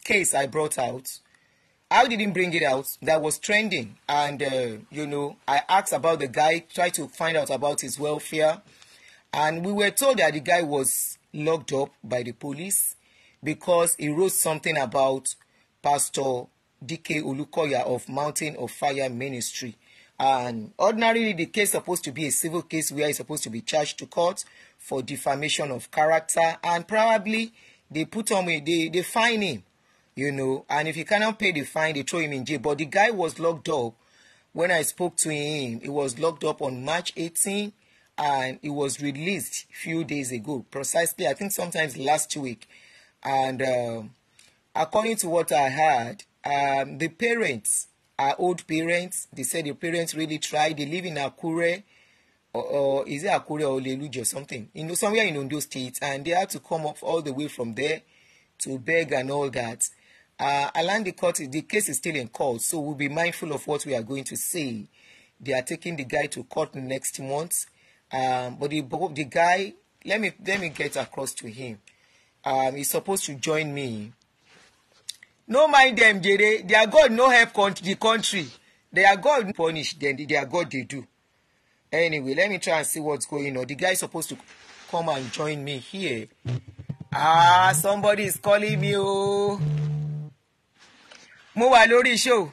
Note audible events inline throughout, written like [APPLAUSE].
case I brought out, I didn't bring it out. That was trending, and uh, you know, I asked about the guy, tried to find out about his welfare, and we were told that the guy was locked up by the police because he wrote something about Pastor D.K. Ulukoya of Mountain of Fire Ministry. And ordinarily, the case supposed to be a civil case where he's supposed to be charged to court for defamation of character, and probably they put on they they fine him you know. And if he cannot pay the fine, they throw him in jail. But the guy was locked up. When I spoke to him, he was locked up on March 18, and he was released a few days ago, precisely I think sometimes last week. And um, according to what I heard, um, the parents are old parents. They said the parents really tried. They live in Akure. Or, or, is it Akure or Leluji or something, you know, somewhere in Ondo State, and they had to come up all the way from there to beg and all that. Uh, Alan the court, the case is still in court, so we'll be mindful of what we are going to say. They are taking the guy to court next month. Um, but the, the guy, let me, let me get across to him. Um, he's supposed to join me. No mind them, Jere. Their God no help country, the country. Their God punish them. Their God they do. Anyway, let me try and see what's going on. The guy is supposed to come and join me here. Ah, somebody is calling me. Oh mo wà lórí show.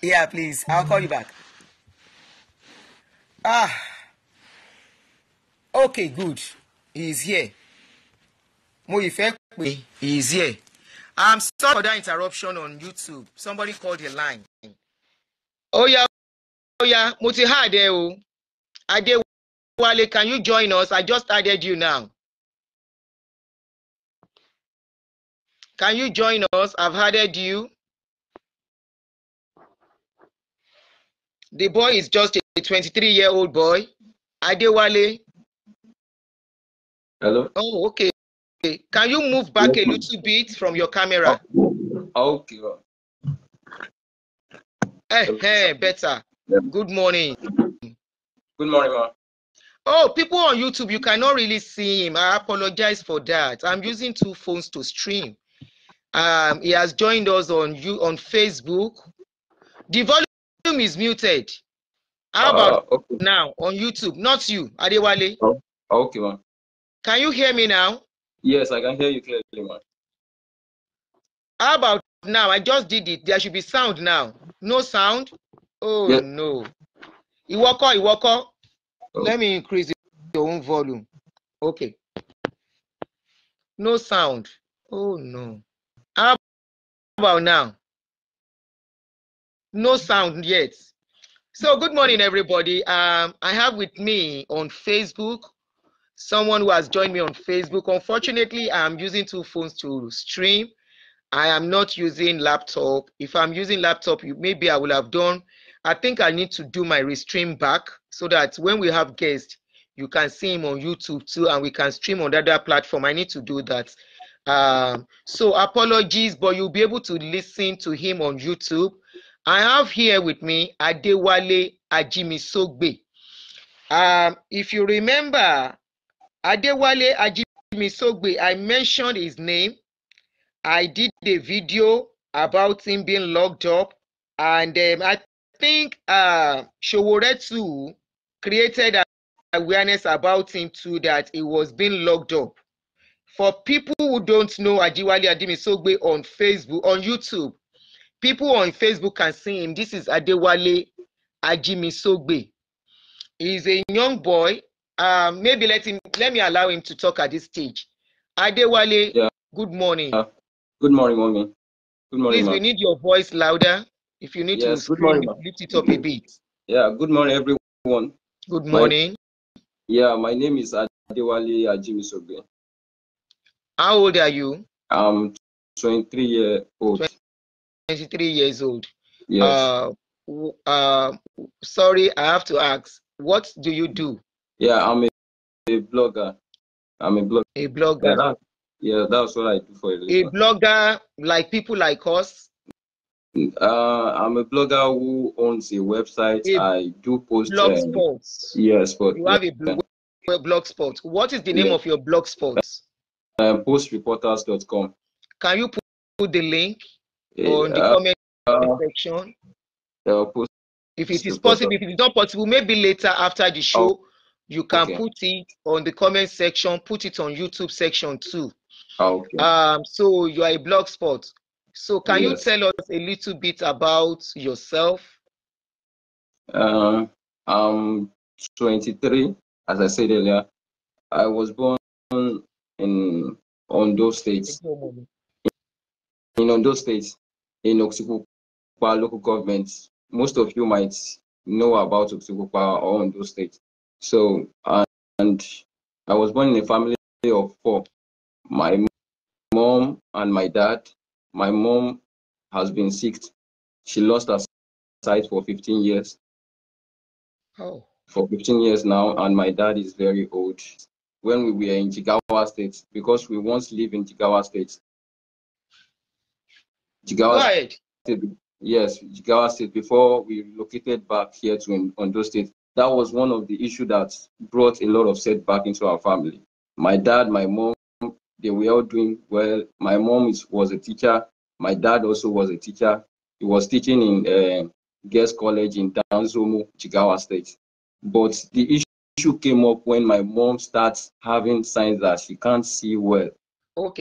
Yeah, please. I'll call you back. Ah. Okay, good. He is here. Mo ife pe he is here. I'm sorry for that interruption on YouTube. Somebody called the line. Oh yeah, oh yeah. Mo ti hard ẹ o. Adewale, can you join us? I just added you now. Can you join us? I've added you. The boy is just a 23 year old boy. Adewale. Hello. Oh, okay. Can you move back a little bit from your camera? Okay. Hey, hey, better. Good morning. Good morning, ma. Oh, people on YouTube, you cannot really see him. I apologize for that. I'm using two phones to stream. Um, he has joined us on you on Facebook. The volume is muted. How uh, about uh, okay. now on YouTube? Not you, Adewale. Oh, okay, man. Can you hear me now? Yes, I can hear you clearly, man. How about now? I just did it. There should be sound now. No sound. Oh yes. no. Iwoko, Iwoko. Oh. Let me increase your own volume. Okay. No sound. Oh no about now? No sound yet. So, good morning, everybody. Um, I have with me on Facebook someone who has joined me on Facebook. Unfortunately, I'm using two phones to stream. I am not using laptop. If I'm using laptop, maybe I will have done. I think I need to do my restream back so that when we have guests, you can see him on YouTube too, and we can stream on other platform. I need to do that. Um, so apologies, but you'll be able to listen to him on YouTube. I have here with me Adewale Ajimisogbe. Um, if you remember, Adewale Ajimisogbe, I mentioned his name. I did a video about him being locked up, and um, I think uh, Showoretsu created awareness about him too that he was being locked up. For people who don't know Ajiwale Adimisogbe on Facebook, on YouTube, people on Facebook can see him. This is Adewale Ajimisogbe. He's a young boy. Um, maybe let him let me allow him to talk at this stage. Adewale, yeah. good morning. Yeah. Good morning, mommy. Good morning. Please, we need your voice louder. If you need yes, to scream, morning, lift it up a bit. Yeah, good morning, everyone. Good morning. My, yeah, my name is Adewale Ajimisogbe. How old are you? I'm 23 years old. 23 years old. Yes. Uh, uh, sorry, I have to ask, what do you do? Yeah, I'm a, a blogger. I'm a blogger. A blogger. Yeah, that, yeah, that's what I do for a living. A blogger like people like us. Uh, I'm a blogger who owns a website. A I do post. Blogspot. Um, yes, but you have a blog, blog spot. What is the name yeah. of your blog spot? uh, postreporters.com. Can you put the link yeah, on the uh, comment uh, section? Uh, post if it is possible, if it is not possible, maybe later after the show, oh, you can okay. put it on the comment section, put it on YouTube section too. Oh, okay. Um, so you are a blog spot. So can yes. you tell us a little bit about yourself? Uh, I'm 23, as I said earlier. I was born in on those states in on those states in Oxukupa local governments. Most of you might know about Oxukupa or on those states. So and I was born in a family of four. My mom and my dad. My mom has been sick. She lost her sight for 15 years. Oh. For 15 years now, and my dad is very old when we were in Jigawa State because we once lived in Jigawa State. Jigawa right. State, yes, Jigawa State before we relocated back here to Ondo State. That was one of the issues that brought a lot of setback into our family. My dad, my mom, they were all doing well. My mom is, was a teacher. My dad also was a teacher. He was teaching in uh, College in Danzomo, Jigawa State. But the issue issue came up when my mom starts having signs that she can't see well. Okay.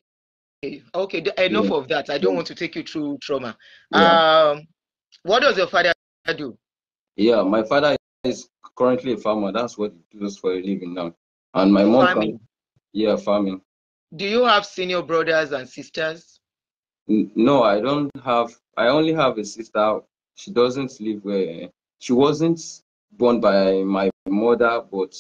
Okay, enough yeah. of that. I don't want to take you through trauma. Yeah. Um, what does your father do? Yeah, my father is currently a farmer. That's what he does for a living now. And my mom, farming. yeah, farming. Do you have senior brothers and sisters? No, I don't have. I only have a sister. She doesn't live where she wasn't born by my mother, but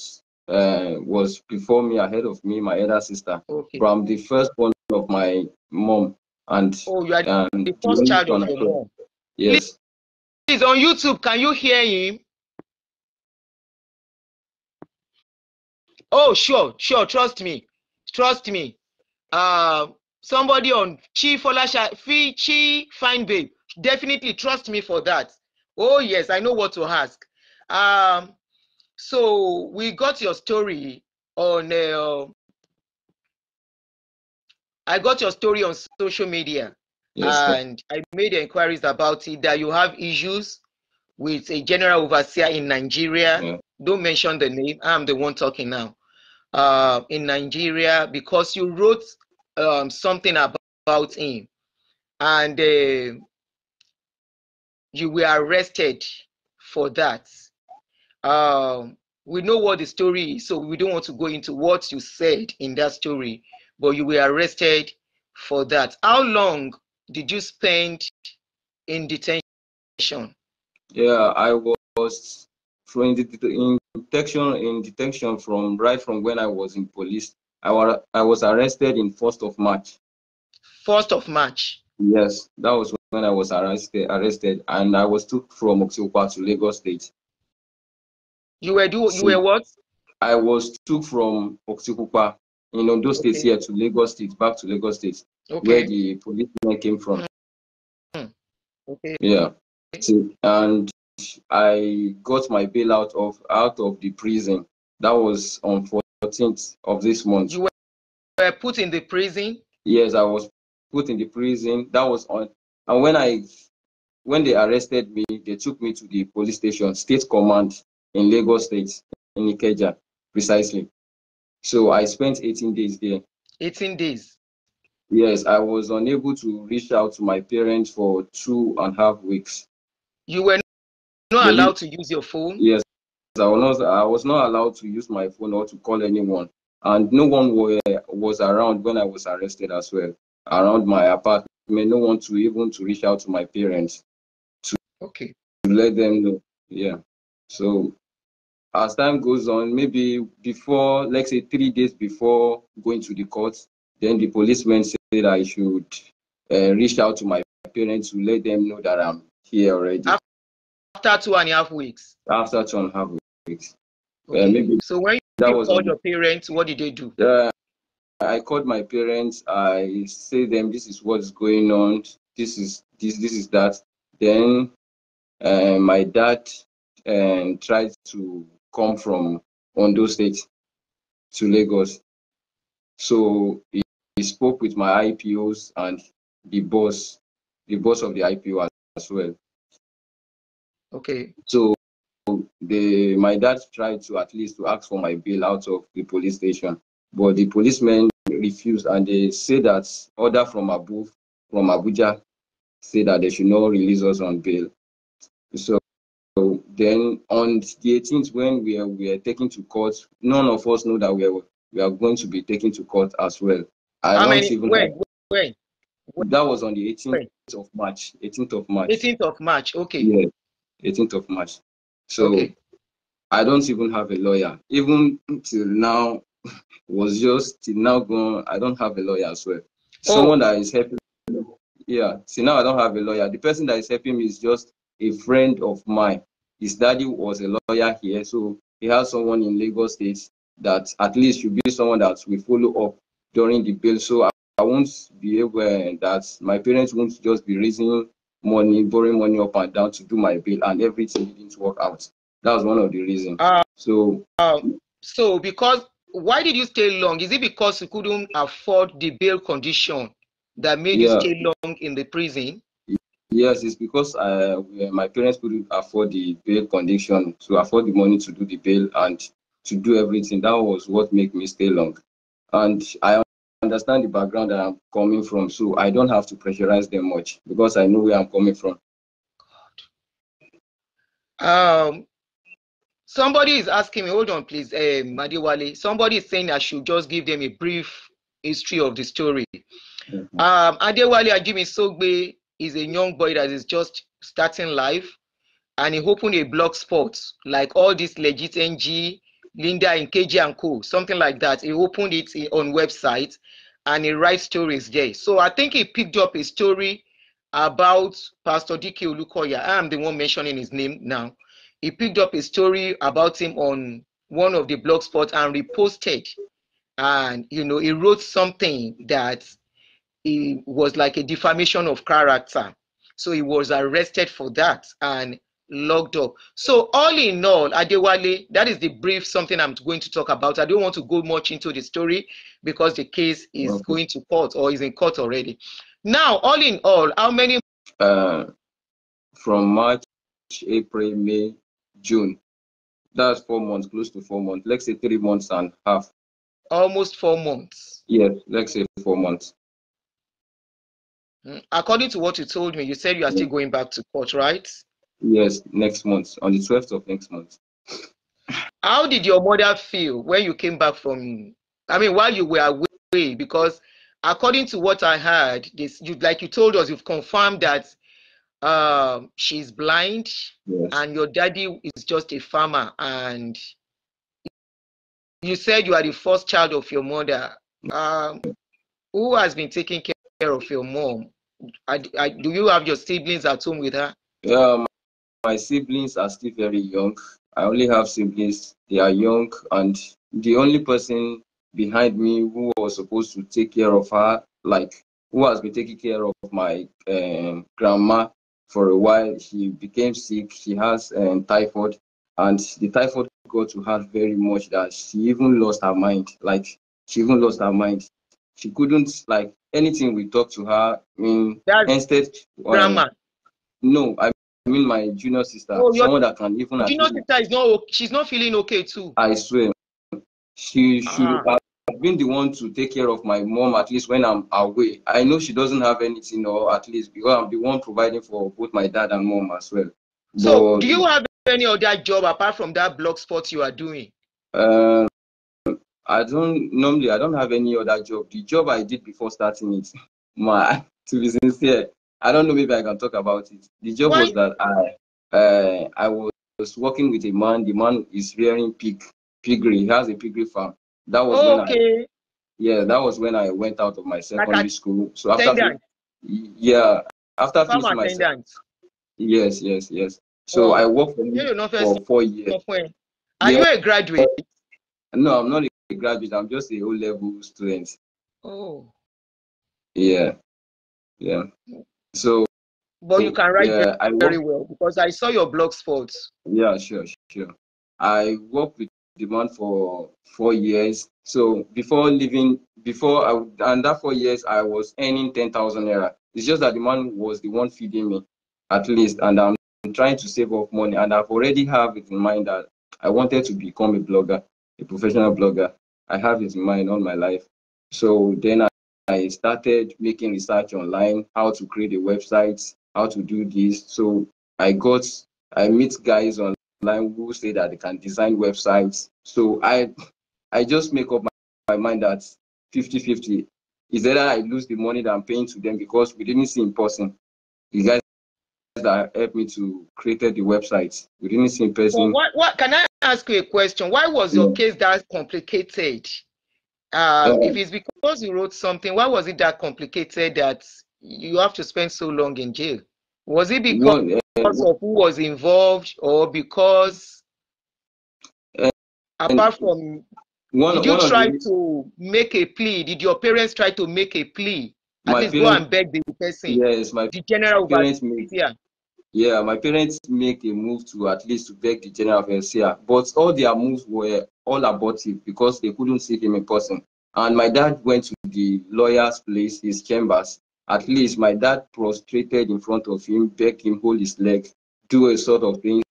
uh, was before me, ahead of me, my elder sister, okay. from the first born of my mom. And oh, you are um, the first child of your mom. Yes. Please, on YouTube, can you hear him? Oh, sure, sure. Trust me, trust me. Uh, somebody on Chi Folasha, Chi Fine Babe, definitely trust me for that. Oh yes, I know what to ask. Um, so we got your story on. Uh, I got your story on social media, yes, and I made inquiries about it. That you have issues with a general overseer in Nigeria. Yeah. Don't mention the name. I'm the one talking now. Uh, in Nigeria, because you wrote um, something about, about him, and uh, you were arrested for that um, we know what the story is, so we don't want to go into what you said in that story, but you were arrested for that. How long did you spend in detention? Yeah, I was in, in in detention from right from when I was in police. I was I was arrested in first of March. First of March. Yes, that was when I was arrested arrested, and I was took from Oxiopa to Lagos State. You were do you were what? I was took from Oxikupa in Ondo okay. State here to Lagos State, back to Lagos State, okay. where the policeman came from. Mm. Okay. Yeah. And I got my bail out of out of the prison. That was on 14th of this month. You were put in the prison. Yes, I was put in the prison. That was on. And when I when they arrested me, they took me to the police station, state command in Lagos State, in Ikeja, precisely. So I spent 18 days there. 18 days? Yes, I was unable to reach out to my parents for two and a half weeks. You were not allowed to use your phone? Yes, I was, not, I was not allowed to use my phone or to call anyone. And no one were, was around when I was arrested as well. Around my apartment, no one to even to reach out to my parents to, okay. to let them know. Yeah. So as time goes on, maybe before, let's say three days before going to the court, then the policeman said I should uh, reach out to my parents to let them know that I'm here already. After two and a half weeks. After two and a half weeks. Eh, okay. Uh, maybe so when you called your parents, what did they do? Uh, I called my parents. I say them, this is what's going on. This is this. This is that. Then uh, my dad um, tried to come from Ondo State to Lagos. So he, he spoke with my IPOs and the boss, the boss of the IPO as, as well. Okay. So the my dad tried to at least to ask for my bail out of the police station, but the policemen refused and they say that order from above from Abuja say that they should not release us on bail. So so then on the 18th, when we are, we are taken to court, none of us know that we are, we are going to be taken to court as well. I How many? Even When when That was on the 18th of March. 18th of March. 18th of March. Okay. Yeah. 18th of March. So okay. I don't even have a lawyer. Even till now, [LAUGHS] was just till now gone. I don't have a lawyer as well. Oh. Someone oh. that is helping. Yeah. See now I don't have a lawyer. The person that is helping me is just a friend of mine. His daddy was a lawyer here, so he has someone in Lagos State that at least should be someone that we follow up during the bill. So I, I won't be aware eh, that my parents won't just be raising money, borrowing money up and down to do my bill, and everything didn't work out. That was one of the reasons. Uh, so, uh, so because why did you stay long? Is it because you couldn't afford the bail condition that made yeah. you stay long in the prison? Yes, it's because I, uh, my parents couldn't afford the bail condition to afford the money to do the bail and to do everything. That was what made me stay long. And I understand the background that I'm coming from, so I don't have to pressurize them much because I know where I'm coming from. God. Um, somebody is asking me, hold on, please, um, Madiwale. Somebody is saying I should just give them a brief history of the story. Mm-hmm. Um, Adewale Ajimi Sogbe is a young boy that is just starting life and he opened a blog spot like all this legit ng linda in kg and co something like that he opened it eh, on website and he writes stories there so i think he picked up a story about pastor D.K. olukoya i'm the one mentioning his name now he picked up a story about him on one of the blog spots and reposted and you know he wrote something that it was like a defamation of character. So he was arrested for that and locked up. So all in all, Adewale, that is the brief something I'm going to talk about. I don't want to go much into the story because the case is okay. going to court or is in court already. Now, all in all, how many? Uh, from March, April, May, June. That's four months, close to four months. Let's say three months and half. Almost four months. Yes, let's say four months. Mm, according to what you told me, you said you are still going back to court, right? Yes, next month, on the 12th of next month. How did your mother feel when you came back from, I mean, while you were away? Because according to what I heard, this, you, like you told us, you've confirmed that uh, she's blind yes. and your daddy is just a farmer. And you said you are the first child of your mother. Um, who has been taking care of your mom? I, I, do you have your siblings at home with her? Yeah, my, my siblings are still very young. I only have siblings. They are young, and the only person behind me who was supposed to take care of her, like who has been taking care of my um, grandma for a while, she became sick. She has um, typhoid, and the typhoid got to her very much that she even lost her mind. Like she even lost her mind she couldn't like anything we talked to her. I mean, That's instead, uh, grandma. Um, no, I mean my junior sister, oh, someone that can even. Junior sister is not. She's not feeling okay too. I swear, she should uh-huh. have been the one to take care of my mom at least when I'm away. I know she doesn't have anything, or at least because I'm the one providing for both my dad and mom as well. So, but, do you have any other job apart from that blog spot you are doing? Uh, I don't normally I don't have any other job. The job I did before starting it, [LAUGHS] my [LAUGHS] to be sincere, I don't know maybe I can talk about it. The job was that I uh, I was working with a man. The man is rearing pig piggery. He has a piggery farm. That was oh, when okay. I yeah that was when I went out of my secondary like school. So after fin- yeah after farm finishing attendant. my sec- yes yes yes. So oh. I worked for, you know, for four years. Are yeah. you a graduate? No, I'm not a a graduate. I'm just a O level student. Oh. Yeah. Yeah. So. But you can write yeah, very, very well because I saw your blog spots. Yeah, sure, sure. I worked with demand for four years. So before leaving, before I, and that four years, I was earning 10,000 naira. It's just that the man was the one feeding me at least. And I'm trying to save up money. And I've already have it in mind that I wanted to become a blogger a professional blogger. I have his mind all my life. So then I, I started making research online, how to create a website, how to do this. So I got, I meet guys online who say that they can design websites. So I, I just make up my, my mind that 50 50 is either I lose the money that I'm paying to them because we didn't see in person. You guys that helped me to create the website. with any not person. Well, what, what, can I ask you a question? Why was your yeah. case that complicated? Uh, uh, if it's because you wrote something, why was it that complicated that you have to spend so long in jail? Was it because, no, uh, eh, because of eh, who was involved or because eh, apart from one, did you try the, to make a plea? Did your parents try to make a plea? At least parents, go and beg the person. Yes, my the general parents made, yeah. Yeah, my parents make a move to at least to beg the general of Encia, but all their moves were all abortive because they couldn't see him in person. And my dad went to the lawyer's place, his chambers. At least my dad prostrated in front of him, begged him, hold his leg, do a sort of thing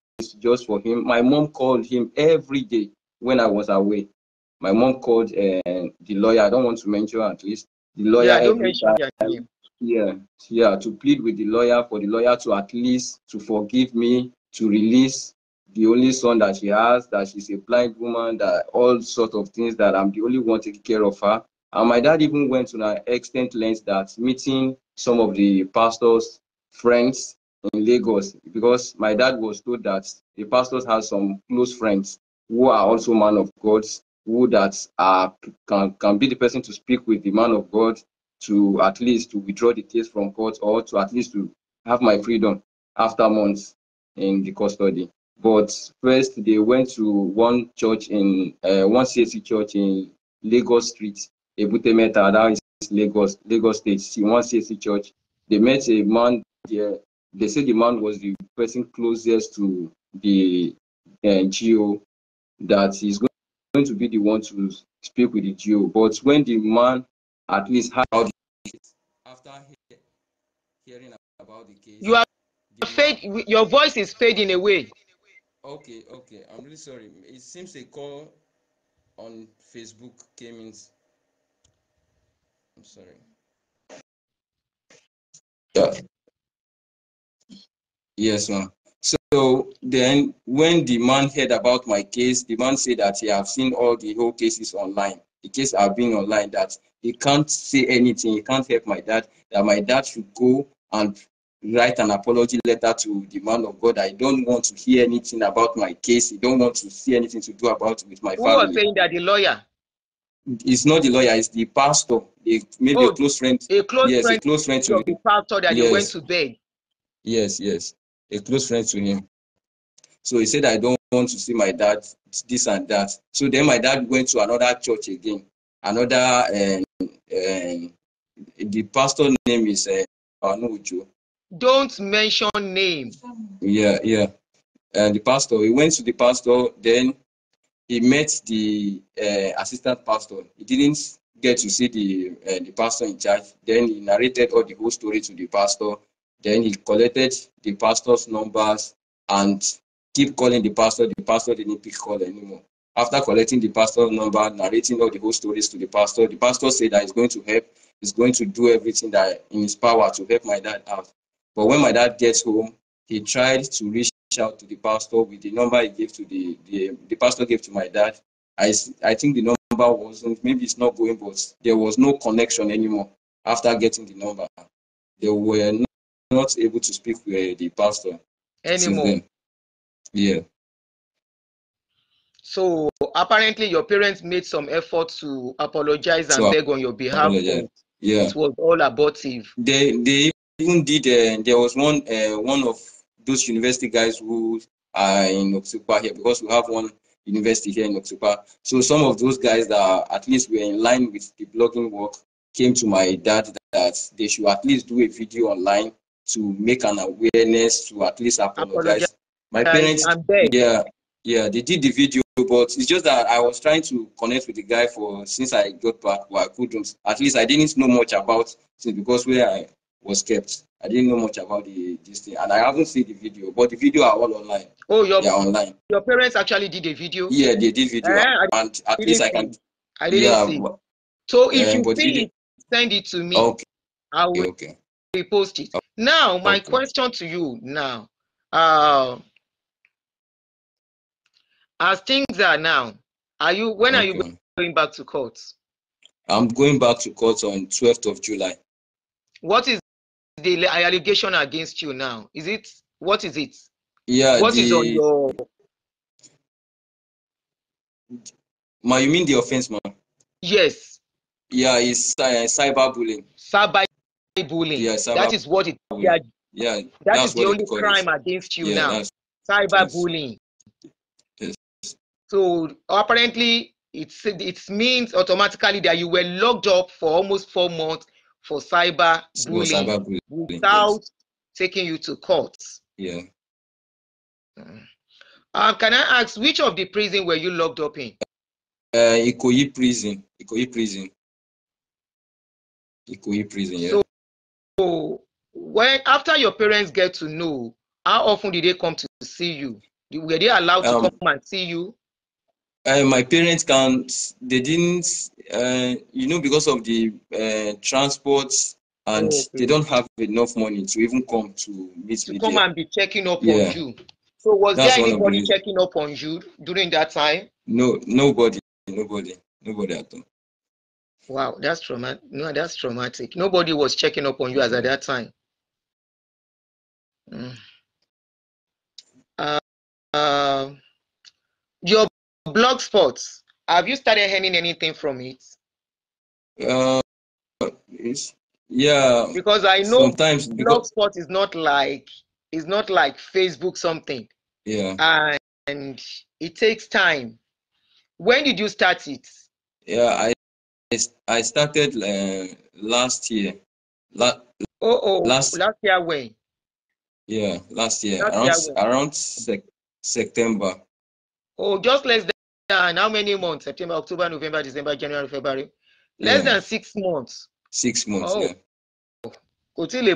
just for him. My mom called him every day when I was away. My mom called uh, the lawyer. I don't want to mention at least the lawyer. Yeah, don't mention name yeah yeah to plead with the lawyer for the lawyer to at least to forgive me to release the only son that she has that she's a blind woman that all sorts of things that i'm the only one taking care of her and my dad even went to an extent length that meeting some of the pastors friends in lagos because my dad was told that the pastors have some close friends who are also man of god who that are can, can be the person to speak with the man of god to at least to withdraw the case from court or to at least to have my freedom after months in the custody. But first, they went to one church in uh, one CSC church in Lagos Street, Ebutemeta, that is Lagos, Lagos State, one CSC church. They met a man there. They said the man was the person closest to the NGO uh, that is going to be the one to speak with the GO. But when the man at least how after he, hearing about the case. You are fade, your voice is fading away. Okay, okay. I'm really sorry. It seems a call on Facebook came in. I'm sorry. Yeah. Yes, ma'am. So then when the man heard about my case, the man said that he have seen all the whole cases online. The case have been online that he can't say anything. He can't help my dad. That my dad should go and write an apology letter to the man of God. I don't want to hear anything about my case. I don't want to see anything to do about with my Who family. Who was saying that the lawyer? It's not the lawyer. It's the pastor. maybe a oh, close friend. A close yes, friend. a close friend to the pastor that yes. you went to bed. Yes, yes, a close friend to him. So he said, I don't want to see my dad, this and that. So then my dad went to another church again, another uh, Eh, the pastor name is uh, Don't mention name. Yeah, yeah. And eh, the pastor, he went to the pastor, then he met the uh, assistant pastor. He didn't get to see the uh, the pastor in charge. Then he narrated all the whole story to the pastor. Then he collected the pastor's numbers and keep calling the pastor. The pastor didn't pick call anymore. After collecting the pastor's number, narrating all the whole stories to the pastor, the pastor said that he's going to help, he's going to do everything that in his power to help my dad out. But when my dad gets home, he tried to reach out to the pastor with the number he gave to the, the, the pastor gave to my dad. I, I think the number wasn't, maybe it's not going, but there was no connection anymore after getting the number. They were not, not able to speak with uh, the pastor anymore. Yeah. So apparently, your parents made some effort to apologize and beg on your behalf. Yeah, it was all abortive. They they even did. Uh, there was one uh, one of those university guys who are in Oksupa here because we have one university here in Oksupa. So some of those guys that at least were in line with the blogging work came to my dad that they should at least do a video online to make an awareness to at least apologize. apologize. My parents, yeah, yeah, they did the video but it's just that I was trying to connect with the guy for since I got back, well, I couldn't. At least I didn't know much about since because where I was kept, I didn't know much about the this thing, and I haven't seen the video. But the video are all online. Oh, your they are online. Your parents actually did a video. Yeah, they did video, uh, and at least I can. I didn't yeah, see. But, so if eh, you see it, send it to me. Okay. I will okay. repost it. Okay. Now, my okay. question to you now. Uh, as things are now, are you when okay. are you going back to court? I'm going back to court on 12th of July. What is the allegation against you now? Is it what is it? Yeah. What the, is on your? Ma, you mean the offense, ma? Yes. Yeah, it's uh, cyberbullying. Cyberbullying. Yeah, cyber that is what it. Yeah. yeah that's the only crime against you yeah, now. Cyberbullying. So apparently, it it means automatically that you were locked up for almost four months for cyber bullying, cyber bullying without yes. taking you to court. Yeah. Uh, um, can I ask which of the prison were you locked up in? Uh, Ikoyi prison. Ikoyi prison. Ikoyi prison. Yeah. So, when after your parents get to know, how often did they come to see you? Were they allowed to um, come and see you? Uh, my parents can not they didn't uh, you know because of the uh, transport and oh, okay. they don't have enough money to even come to meet to me come there. and be checking up yeah. on you so was That's there anybody checking up on you during that time no nobody nobody nobody at all Wow, that's traumatic. No, that's traumatic. Nobody was checking up on you as at that time. Mm. Uh, your Blogspot, have you started earning anything from it? Uh, it's, yeah. Because I know sometimes because... Blogspot is not like it's not like Facebook something. Yeah. And, and it takes time. When did you start it? Yeah, I I started uh, last year. La- oh, oh, last last year when? Yeah, last year last around year around sec- September. Oh, just less and how many months? September, October, November, December, January, February. Less yeah. than six months. Six months. Oh. Yeah.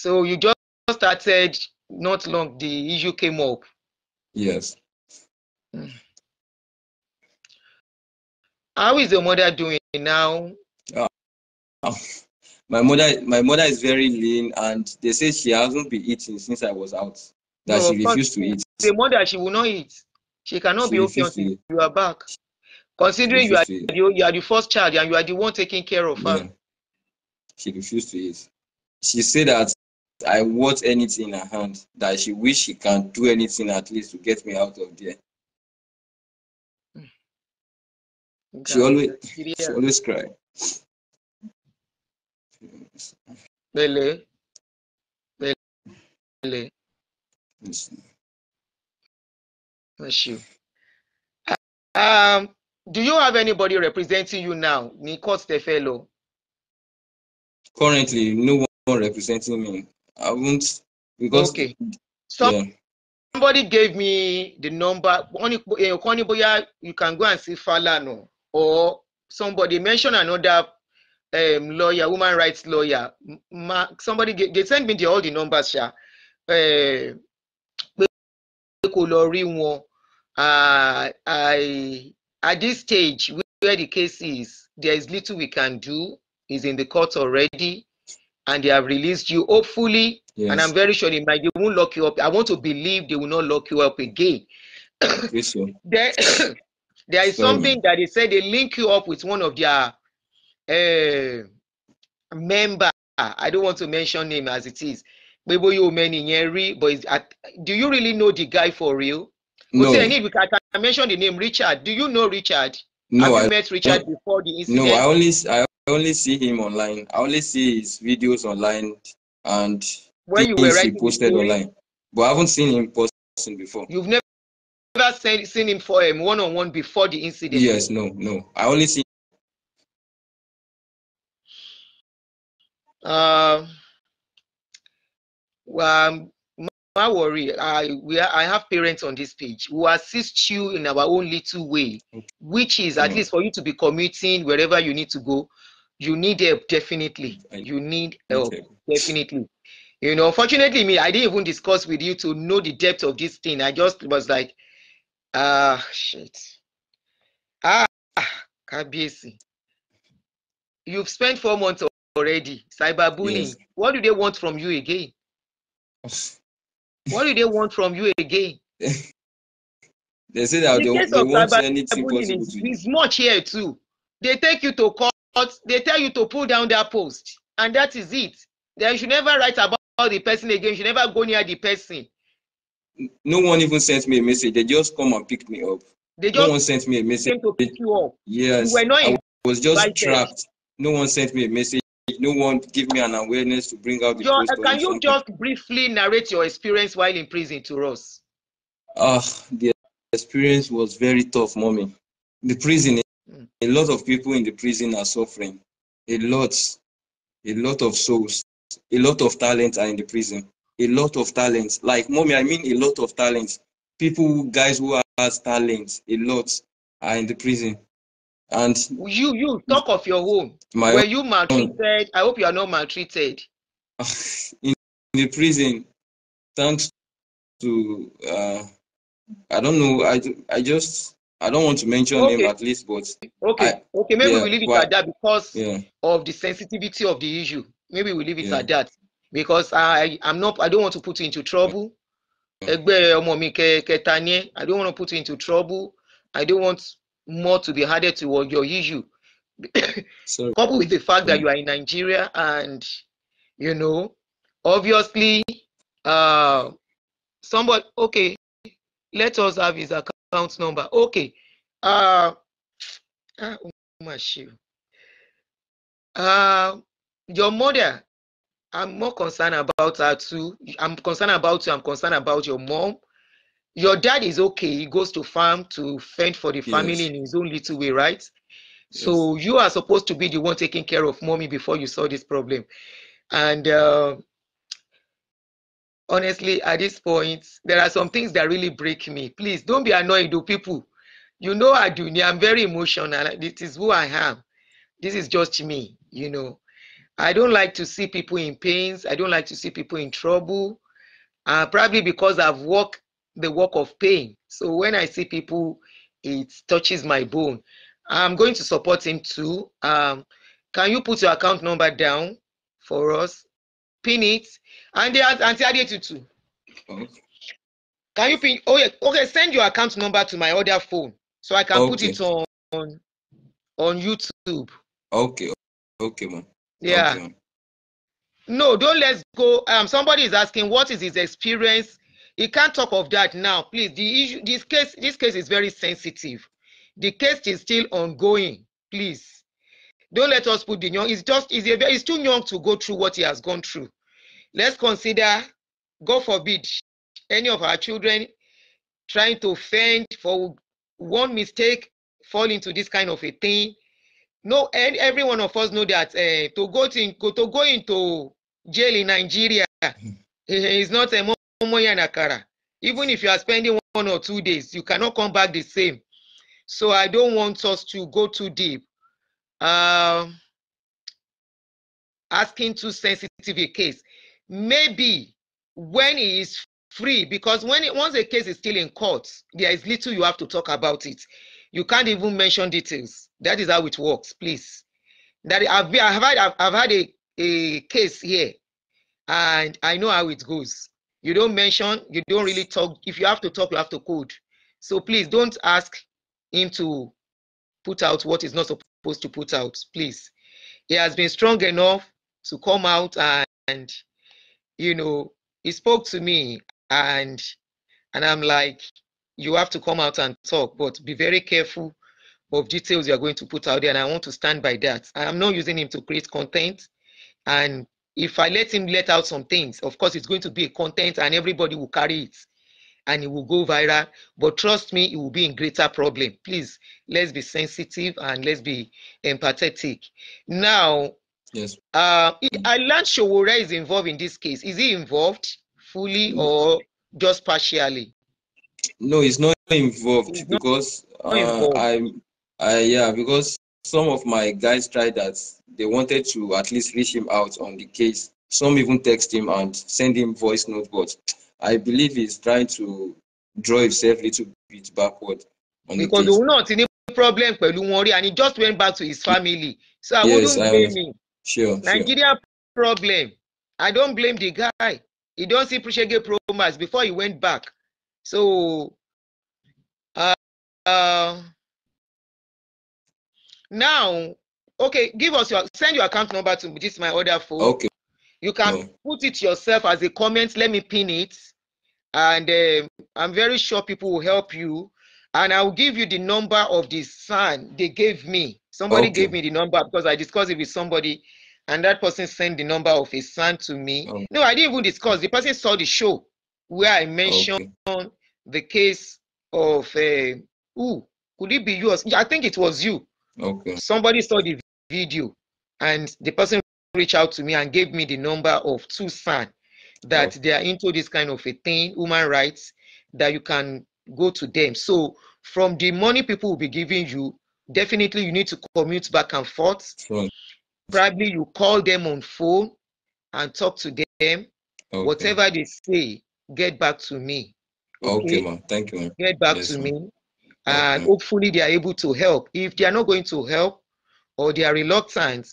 So you just started not long the issue came up. Yes. Hmm. How is your mother doing now? Uh, my mother, my mother is very lean, and they say she hasn't been eating since I was out that no, she refused to eat. The mother, she will not eat. She cannot she be okay until you are back. Considering you are, the, you are the first child and you are the one taking care of her. Yeah. She refused to eat. She said that I want anything in her hand, that she wish she can do anything at least to get me out of there. Hmm. she always, she always cry. Bele. Bele. Bless you. Um, do you have anybody representing you now? Nikos court Currently, no one representing me. I won't because. Okay. So, yeah. Somebody gave me the number. You can go and see Falano or somebody mentioned another um, lawyer, woman rights lawyer. Ma, somebody they sent me the, all the numbers. Yeah. Uh, um, pé kó lọ rí wọn ah, at this stage where the case is there is little we can do is in the court already and they have released you hopefully yes. and i'm very sure they might they won't lock you up i want to believe they will not lock you up again yes, sir. [COUGHS] there, [COUGHS] there is Sorry. something that they said they link you up with one of their uh, member i don't want to mention name as it is pé you o mẹ́ni yẹn rí but at, do you really know the guy for real. no kò sí ẹni I mentioned mention the name Richard do you know Richard. no have you I, met Richard no, before the incident. no I only I only see him online I only see his videos online and when things you were he posted story, online but I haven't seen him person before. you've never never seen, seen him for him um, one on one before the incident. Yes, no, no. I only see. Uh, um, worry. I we are, I have parents on this page who assist you in our own little way, which is at mm. least for you to be commuting wherever you need to go. You need help definitely. You need help definitely. You know, fortunately, me I didn't even discuss with you to know the depth of this thing. I just was like, ah, shit, ah, Kabiesi. You've spent four months already. Cyberbullying. Yes. What do they want from you again? what do they want from you again? [LAUGHS] they say that they they, not want anything possible. It's much here too. They take you to court, they tell you to pull down their post, and that is it. They should never write about the person again, you should never go near the person. No one even sent me a message. They just come and picked me up. They just no one sent me a message. Came to pick you up. Yes. You were not I was just trapped. Them. No one sent me a message no one give me an awareness to bring out the your, Can you just briefly narrate your experience while in prison to us? Ah, uh, the experience was very tough, mommy. The prison, mm. a lot of people in the prison are suffering. A lot, a lot of souls, a lot of talents are in the prison. A lot of talents, like mommy, I mean a lot of talents. People, guys who are talents, a lot are in the prison and you you talk of your home. My Were you maltreated? I hope you are not maltreated. [LAUGHS] in, in the prison, thanks to uh, I don't know. I I just I don't want to mention okay. him at least, but okay, I, okay, maybe yeah, we leave it but, at that because yeah. of the sensitivity of the issue. Maybe we leave it yeah. at that because I I'm not I don't want to put you into trouble. I don't want to put you into trouble. I don't want more to be added to your issue. [COUGHS] so, coupled with the fact that mm. you are in Nigeria and you know, obviously, uh, somebody okay, let us have his account number. Okay, uh, uh uh, your mother, I'm more concerned about her too. I'm concerned about you. I'm concerned about your mom your dad is okay he goes to farm to fend for the yes. family in his own little way right yes. so you are supposed to be the one taking care of mommy before you saw this problem and uh, honestly at this point there are some things that really break me please don't be annoyed though people you know I do. i'm very emotional this is who i am this is just me you know i don't like to see people in pains i don't like to see people in trouble uh, probably because i've worked the work of pain. So when I see people, it touches my bone. I'm going to support him too. Um, can you put your account number down for us? Pin it. And they are Auntie Adetu too. Can you pin? Oh, yeah. Okay, send your account number to my other phone so I can okay. put it on, on on YouTube. Okay. Okay, ma'am. Yeah. Okay, no, don't let's go. Um, somebody is asking what is his experience you can't talk of that now, please. The issue, this case, this case is very sensitive. The case is still ongoing, please. Don't let us put the young. It's just hes a, too young to go through what he has gone through. Let's consider, God forbid, any of our children trying to fend for one mistake, fall into this kind of a thing. No, and every one of us know that uh, to go to, to go into jail in Nigeria hmm. is not a even if you are spending one or two days, you cannot come back the same. So I don't want us to go too deep. Uh, asking too sensitive a case. Maybe when it is free, because when it, once a case is still in court, there is little you have to talk about it. You can't even mention details. That is how it works, please. That I've, I've had I've, I've had a, a case here, and I know how it goes. You don't mention, you don't really talk. If you have to talk, you have to code. So please don't ask him to put out what is not supposed to put out, please. He has been strong enough to come out and, and you know, he spoke to me and and I'm like, you have to come out and talk, but be very careful of details you are going to put out there. And I want to stand by that. I am not using him to create content and if I let him let out some things, of course, it's going to be a content and everybody will carry it and it will go viral. But trust me, it will be in greater problem. Please, let's be sensitive and let's be empathetic. Now, yes, uh, I learned Showora is involved in this case. Is he involved fully or just partially? No, he's not involved he's because not uh, involved. Uh, I, I, yeah, because some of my guys tried that. They wanted to at least reach him out on the case. Some even text him and send him voice note, but I believe he's trying to draw himself a little bit backward. On because the case. not any problem pẹ̀lú wọn and he just went back to his family. So I yes, wouldn't blame I, him. Sure, Nigeria sure. problem. I don't blame the guy. He don't see Prishege promise before he went back. So Now, okay, give us your send your account number to this is my order for. Okay. You can no. put it yourself as a comment. Let me pin it, and uh, I'm very sure people will help you. And I will give you the number of the son they gave me. Somebody okay. gave me the number because I discussed it with somebody, and that person sent the number of his son to me. Okay. No, I didn't even discuss. The person saw the show where I mentioned okay. the case of uh, who could it be yours? I think it was you Okay. Somebody saw the video and the person reached out to me and gave me the number of two Tucson that oh. they are into this kind of a thing, human rights, that you can go to them. So from the money people will be giving you, definitely you need to commute back and forth. Sure. Probably you call them on phone and talk to them. Okay. Whatever they say, get back to me. Okay, okay Thank you, man. Get back yes, to me and mm-hmm. hopefully they are able to help. If they are not going to help or they are reluctant,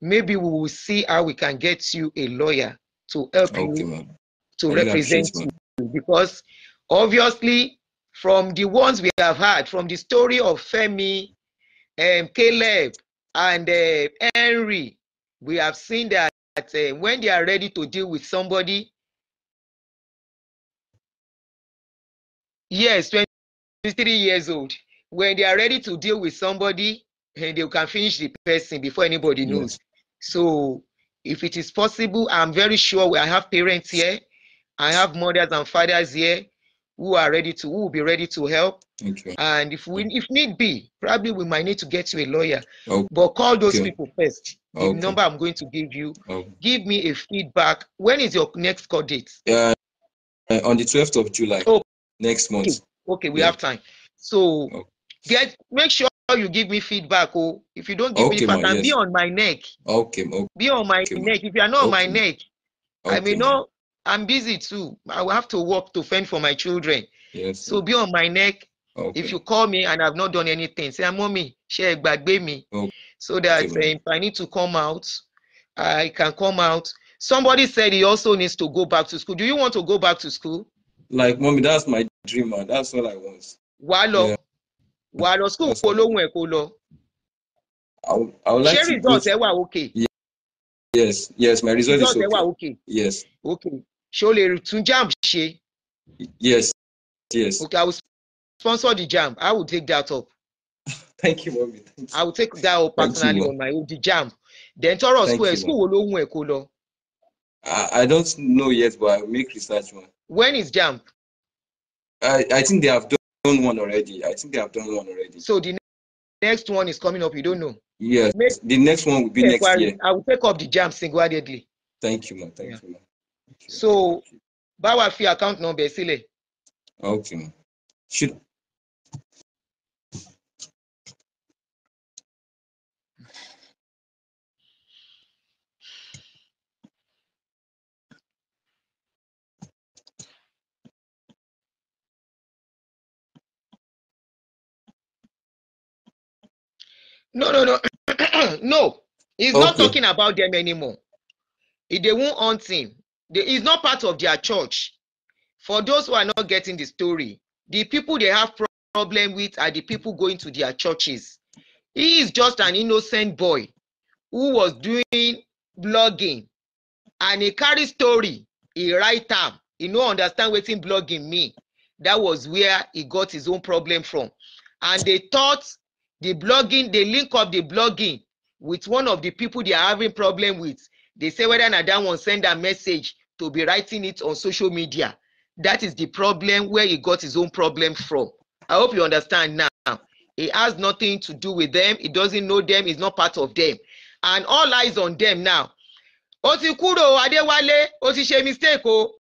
maybe we will see how we can get you a lawyer to help okay, you man. to I represent you. Because obviously, from the ones we have had, from the story of Femi, um, Caleb, and uh, Henry, we have seen that uh, when they are ready to deal with somebody, yes, 63 years old when they are ready to deal with somebody and eh, they can finish the person before anybody knows yes. so if it is possible i'm very sure i have parents here i have mothers and fathers here who are ready to who will be ready to help okay. and if we if need be probably we might need to get you a lawyer okay. but call those okay. people first the number i'm going to give you give me a feedback when is your next court date uh, uh on the 12th of july oh. next month Okay, we yeah. have time. So okay. get make sure you give me feedback. Oh, if you don't give okay, me feedback, yes. be on my neck. Okay, okay. Be on my okay, neck. If you are not on my neck, I may no, I'm busy too. I will have to work to fend for my children. Yes. So be on my neck. If you call me and I've not done anything, say, "Mommy, share back, baby," okay. so that eh, if I need to come out, I can come out. Somebody said he also needs to go back to school. Do you want to go back to school? Like, mommy, that's my dreamer. That's all I was. Walo. á lọ. school kó lóhùn ẹ̀ I would, I would like Share to. Ṣé result ẹ wà okay? Yeah. Yes, yes, my result, is okay. okay? Yes. Okay. Ṣé o lè tún JAMB ṣe? Yes, yes. Okay, I will sponsor the JAMB. [LAUGHS] I will take that up. Thank you, mommy. Thank I will take that up personally you, on my own, the JAMB. Then tọrọ school school wo lóhùn ẹ kó lọ? I don't know yet, but I will make research one. When is JAMB? I, I think they have done one already. I think they have done one already. So the next one is coming up. You don't know. Yes. Maybe the next one will be next I will, year. I will take up the jam single-handedly. Thank you, man. Thank yeah. you, man. Thank you. So, báwa account number sílẹ̀. Okay. Should No, no, no. [CLEARS THROAT] no. He's okay. not talking about them anymore. If they won't answer, him. They, he's not part of their church. For those who are not getting the story, the people they have problem with are the people going to their churches. He is just an innocent boy who was doing blogging and he carry story. He write up. He no understand wetin blogging mean. That was where he got his own problem from. And they thought the blogging they link up the blogging with one of the people they are having problem with they say whether not that one send a message to be writing it on social media that is the problem where he got his own problem from i hope you understand now He has nothing to do with them He doesn't know them He's not part of them and all eyes on them now ó adéwálé ó mistake o